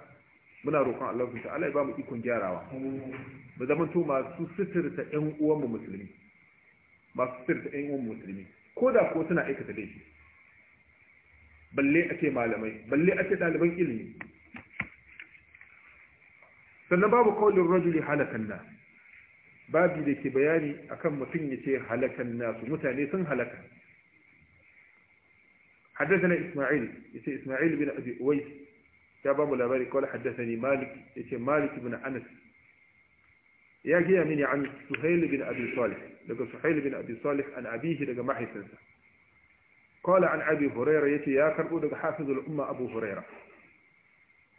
muna roƙon Allah ta Allah ya ba mu ikon gyarawa mu zama to masu sitirta ƴan uwanmu musulmi masu sitirta ƴan uwanmu musulmi ko da ko suna aikata laifi balle ake malamai balle ake ɗaliban ilimi sannan babu kawalin rajuli halakan na babu da ke bayani akan mutum ya ce halakan nasu mutane sun halaka حدثنا إسماعيل إسماعيل بن أبي أويس ya ba mu labari kawai haddasani malik ya ce malik ibn anas ya gaya mini an suhail bin abi salih daga suhail bin abi salih an abihi daga mahaifinsa kawai an abi huraira ya ce ya karɓo daga hafizul umma abu huraira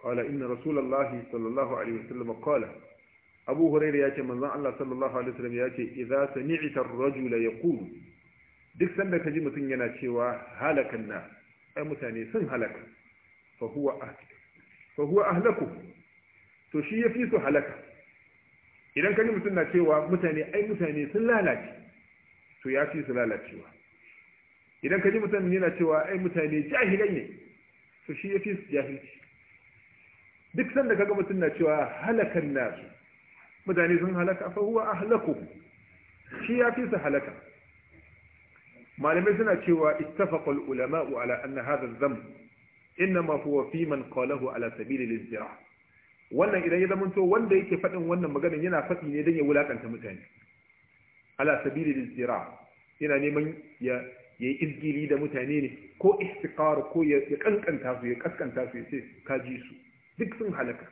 kawai inna rasulallahi sallallahu alaihi wasallam kawai abu huraira ya ce manzan allah sallallahu alaihi wasallam ya ce idza sami'ta ar-rajula yaqulu duk sanda ka ji mutum yana cewa halakan na ai mutane sun halaka fa huwa ahd fa huwa ahlaku to shi ya fi su halaka idan kani mutum na cewa mutane ai mutane sun lalace to ya fi su lalacewa idan kaji mutum yana cewa ai mutane jahilai ne to shi ya fi su jahilci duk sanda kaga mutum na cewa halakan nasu mutane sun halaka fa huwa ahlaku shi ya fi su halaka malamai suna cewa ittafaqal ulama'u ala anna hadha dhanb ma huwa fi man qalahu ala sabili al wannan idan ya zamanto wanda yake faɗin wannan maganin yana faɗi ne don ya wulakanta mutane ala sabili al yana neman ya ya yi izgili da mutane ne ko istiqar ko ya kankanta su ya kaskanta su ya ce ka ji su duk sun halaka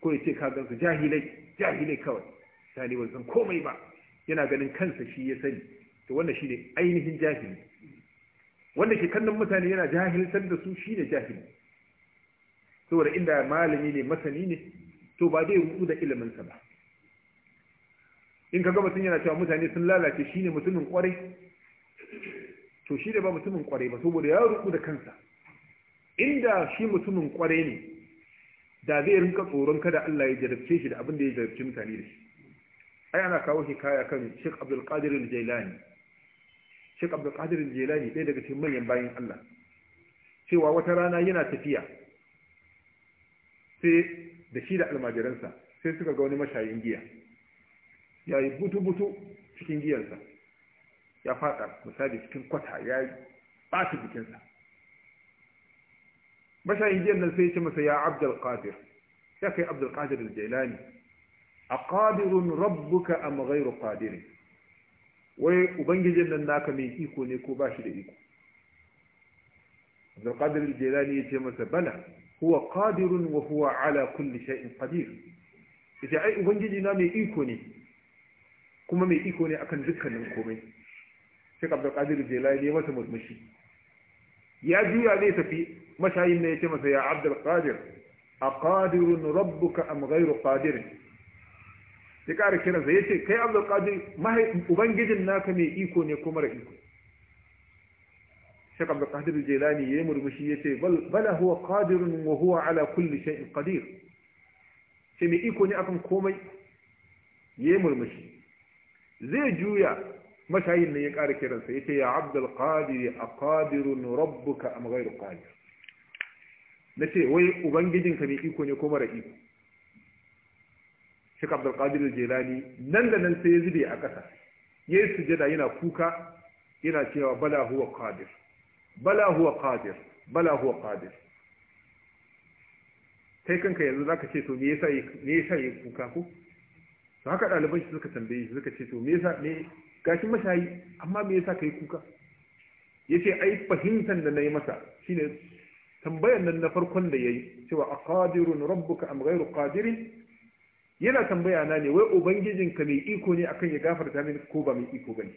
ko ya ce ka gansu jahilai jahilai kawai jahilai san komai ba yana ganin kansa shi ya sani to wannan shine ainihin jahili wanda ke kannan mutane yana jahiltar da su shine jahili saboda inda malami ne masani ne to ba zai rudu da ilimin ba in ka gaba sun yana cewa mutane sun lalace shine mutumin kwarai to shi da ba mutumin kwarai ba saboda ya rudu da kansa inda shi mutumin kwarai ne da zai rinka tsoron kada Allah ya jarabce shi da abin da ya jarabce mutane da shi ai ana kawo shi kaya kan Sheikh Abdul Qadir Al-Jailani Sheikh Abdul Qadir Jilani ɗaya daga cikin manyan bayan Allah cewa wata rana yana tafiya sai da shi da almajiransa sai suka ga wani mashayin giya ya yi butu-butu cikin giyarsa ya fada misali cikin kwata ya yi, ɓata jikinsa mashayin giyan nan sai ce masa ya abdul qadir ya kai abdul qadir al-jailani aqadirun rabbuka am ghayru qadirin wai ubangijin nan naka mai iko ne ko ba shi da iko abdulkadir al-jilani ya ce masa bala huwa qadirun wa huwa ala kulli shay'in qadir yace ai ubangiji na mai iko ne kuma mai iko ne akan dukkanin komai sai abdulkadir Qadir jilani ya masa murmushi ya juya zai tafi mashayin ne ya ce masa ya abdulkadir aqadirun rabbuka am ghayru qadirin ya ƙara kira zai ce kai abdul qadir ubangijin naka mai iko ne ko mara iko shek abdul qadir jilani ya yi murmushi ya ce bala huwa qadirun wa huwa ala kulli shay'in qadir sai mai iko ne akan komai ya yi murmushi zai juya mashayin ne ya ƙara kiransa ya ce ya abdul qadir a qadirun rabbuka am ghairu qadir na ce wai ubangijinka mai iko ne ko mara iko shi Abdul Qadir Jilani nan da nan sai ya zube a ƙasa ya yi sujada yana kuka yana cewa bala huwa qadir bala huwa qadir bala huwa qadir kai kanka yanzu zaka ce to me yasa me yasa yi kuka ko to haka daliban shi suka tambaye shi suka ce to me yasa me gashi mashayi amma me yasa kai kuka yace ai fahimtan da nayi masa shine tambayar nan na farkon da yayi cewa aqadirun rabbuka am ghayru qadirin yana tambaya na ne wai ka mai iko ne akan ya gafarta mini ko ba mai iko bane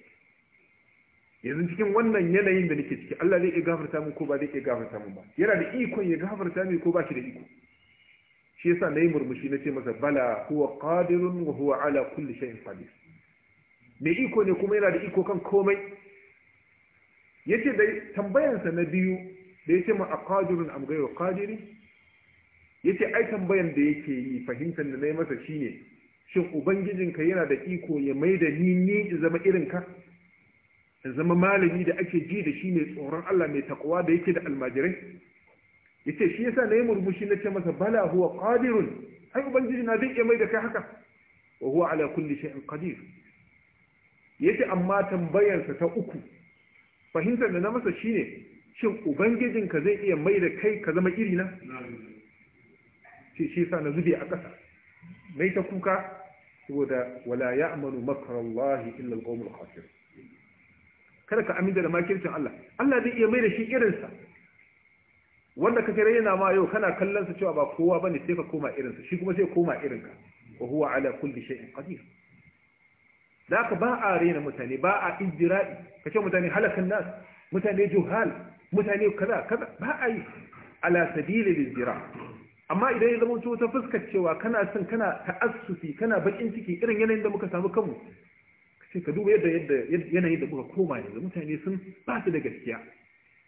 yanzu cikin wannan yanayin da nake ciki Allah zai iya gafarta min ko ba zai iya gafarta min ba yana da iko ya gafarta min ko ba shi da iko shi yasa na yi murmushi na ce masa bala huwa qadirun wa huwa ala kulli shay'in qadir mai iko ne kuma yana da iko kan komai yace dai tambayansa na biyu da yace ma aqadirun am ghayru qadiri yace ai tambayan da yake yi fahimtar da nayi masa shine shin ubangijinka yana da iko ya mai da ni ni zama irin ka ya zama malami da ake ji da shi ne tsoron Allah mai takwa da yake da almajirai yace shi yasa nayi murmushi na ce masa bala huwa qadirun ai ubangiji na zai iya mai da kai haka wa huwa ala kulli shay'in qadir yace amma tambayarsa ta uku fahimtar da na masa shine shin ka zai iya mai da kai ka zama irina ce shi sa na zube a ƙasa mai ta kuka saboda wala ya amanu makarallahi illa alqawmul khasir kada ka aminta da makircin Allah Allah zai iya mai da shi irinsa wanda kake raina ma yau kana kallon sa cewa ba kowa bane sai ka koma irinsa shi kuma sai koma irinka wa huwa ala kulli shay'in qadir zaka ba a raina mutane ba a izdira'i kace mutane halakan nas mutane juhal mutane kaza kaza ba a yi ala sabili lizdira amma idan ya zama ta fuskar cewa kana son kana ta'assufi kana bakin ciki irin yanayin da muka samu kanmu sai ka duba yadda yanayin da muka koma da mutane sun ba su da gaskiya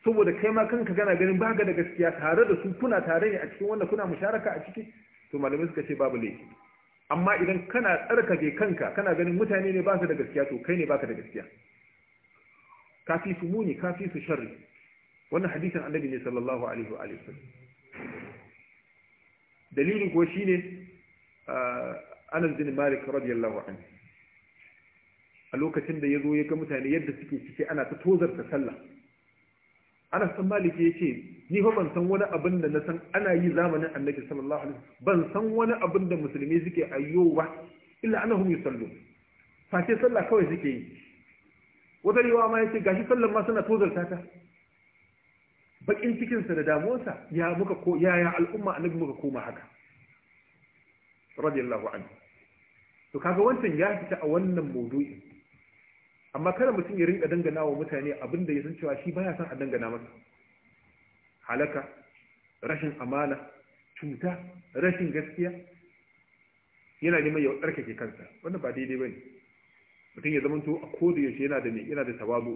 saboda kai ma kanka gana ganin ba ga da gaskiya tare da su kuna tare ne a cikin wanda kuna musharaka a ciki to malamai suka ce babu laifi amma idan kana tsarkake kanka kana ganin mutane ne ba su da gaskiya to kai ne ba ka da gaskiya kafi su muni kafi su sharri wannan hadisin annabi ne sallallahu alaihi wa sallam dalilin shi ne Anas bin Malik radiyallahu anhu a lokacin da ya zo ya ga mutane yadda suke cike ana ta tozarta sallah Anas bin Malik ya ce ni fa ban san wani abin da na san ana yi zamanin Annabi sallallahu alaihi ban san wani abin da musulmi suke ayyo ba illa annahum yusallu fa sai sallah kawai suke yi wata riwa ma yace gashi sallar ma suna tozarta ta bakin cikinsa da damuwarsa ya muka ko yaya al'umma annabi muka koma haka radiyallahu anhu to kaga wancan ya fita a wannan maudu'in amma kada mutum ya rinka dangana wa mutane abin da ya san cewa shi baya son a dangana masa halaka rashin amana cuta rashin gaskiya yana neman ya tsarkake kansa wannan ba daidai bane mutum ya zamanto a koda yaushe yana da ne yana da tawazu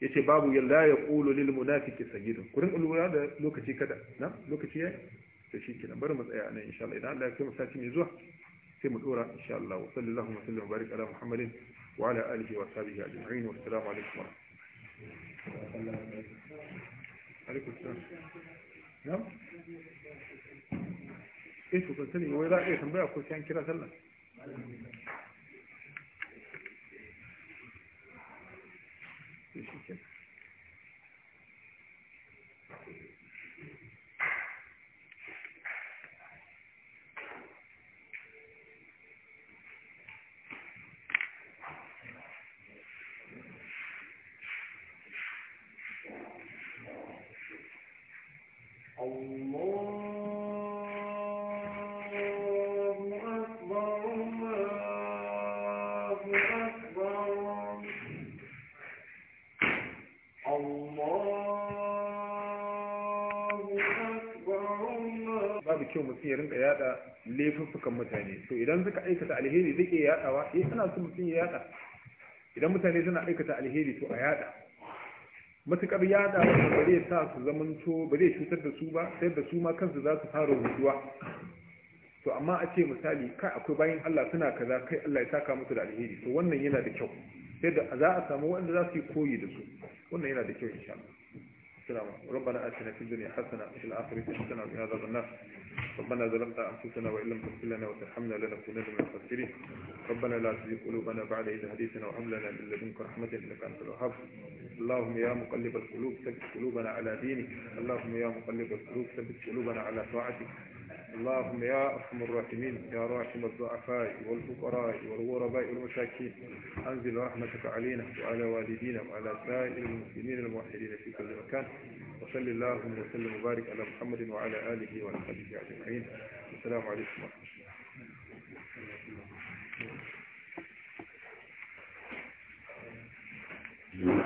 yace babu yalla ya qulu lil munafiqi sayyidun kurin ulwa da lokaci kada na lokaci ya shi shikenan bari mu tsaya nan insha Allah idan Allah ya kai mu sati mai zuwa sai mu dora insha Allah wa sallallahu wa sallam barik ala muhammadin wa ala alihi wa sahbihi ajma'in wa assalamu alaikum wa alaikum assalam na'am eh wai za tambaya ko sai an kira sallah relationship mutum ya rinka yada laifuffukan mutane to idan suka aikata alheri zai iya yadawa eh ana so mutum ya yada idan mutane suna aikata alheri to a yada matukar yada wanda ba zai sa su zamanto ba zai cutar da su ba sai da su ma kansu za su fara rubuwa to amma a ce misali kai akwai bayan Allah suna kaza kai Allah ya saka musu da alheri to wannan yana da kyau sai da za a samu wanda za su yi koyi da su wannan yana da kyau insha Allah السلام ربنا آتنا في الدنيا حسنة وفي الآخرة حسنة وقنا عذاب النار ربنا ظلمنا أنفسنا وإن لم تغفر لنا وترحمنا لنكونن من الخاسرين ربنا لا تزغ قلوبنا بعد إذ هديتنا وهب لنا من لدنك رحمة إنك أنت الوهاب اللهم يا مقلب القلوب ثبت قلوبنا على دينك اللهم يا مقلب القلوب ثبت قلوبنا على طاعتك اللهم يا أرحم الراحمين يا راحم الضعفاء والفقراء والغرباء والمساكين أنزل رحمتك علينا وعلى والدينا وعلى سائر المسلمين الموحدين في كل مكان وصلى الله وسلم وبارك على محمد وعلى آله وصحبه أجمعين السلام عليكم ورحمة الله Thank you.